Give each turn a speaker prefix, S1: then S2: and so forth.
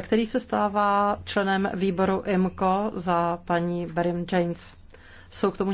S1: který se stává členem výboru IMCO za paní Berim James. Jsou k tomu